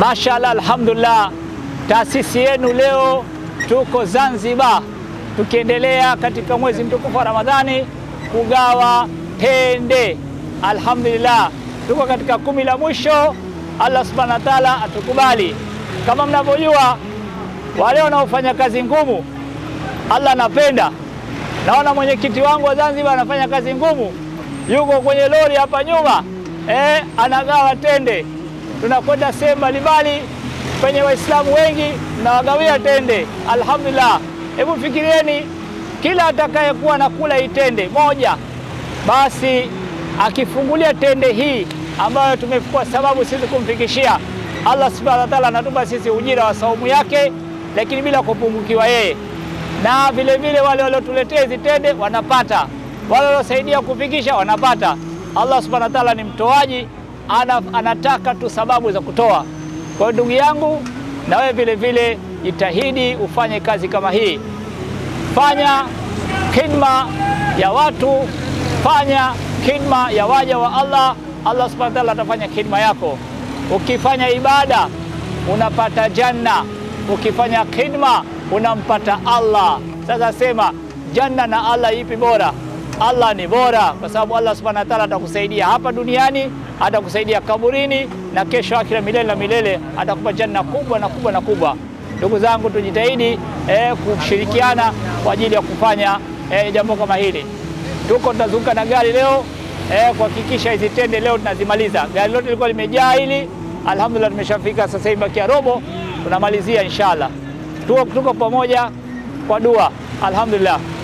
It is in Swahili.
Mashallah, alhamdulillah, taasisi yenu leo tuko Zanzibar tukiendelea katika mwezi mtukufu wa Ramadhani kugawa tende. Alhamdulillah, tuko katika kumi la mwisho. Allah subhanahu wa taala atukubali. Kama mnavyojua, wale wanaofanya kazi ngumu Allah anapenda. Naona mwenyekiti wangu wa Zanzibar anafanya kazi ngumu, yuko kwenye lori hapa nyuma, eh, anagawa tende tunakwenda sehemu mbalimbali kwenye Waislamu wengi tunawagawia tende. Alhamdulillah, hebu fikirieni, kila atakayekuwa nakula hii tende moja, basi akifungulia tende hii ambayo tumekuwa sababu sisi kumfikishia Allah subhanahu wa ta'ala, anatupa sisi ujira wa saumu yake, lakini bila kupungukiwa yeye, na vile vile wale waliotuletea hizi tende wanapata, wale waliosaidia kufikisha wanapata. Allah subhanahu wa ta'ala ni mtoaji ana, anataka tu sababu za kutoa. Kwa hiyo ndugu yangu, na wewe vile vile jitahidi ufanye kazi kama hii, fanya khidma ya watu, fanya khidma ya waja wa Allah. Allah subhanahu wa ta'ala atafanya khidma yako. Ukifanya ibada unapata janna, ukifanya khidma unampata Allah. Sasa sema janna na Allah ipi bora? Allah ni bora, kwa sababu Allah subhanahu wa ta'ala atakusaidia hapa duniani, atakusaidia kaburini, na kesho akhira, milele na milele, atakupa janna kubwa na kubwa na kubwa. Ndugu zangu, tujitahidi eh, kushirikiana kwa ajili ya kufanya eh, jambo kama hili. Tuko tutazunguka na gari leo eh, kuhakikisha hizi tende leo tunazimaliza. Gari lote lilikuwa limejaa hili, alhamdulillah tumeshafika sasa hivi, bakia robo tunamalizia inshallah. Tuko, tuko pamoja kwa dua, alhamdulillah.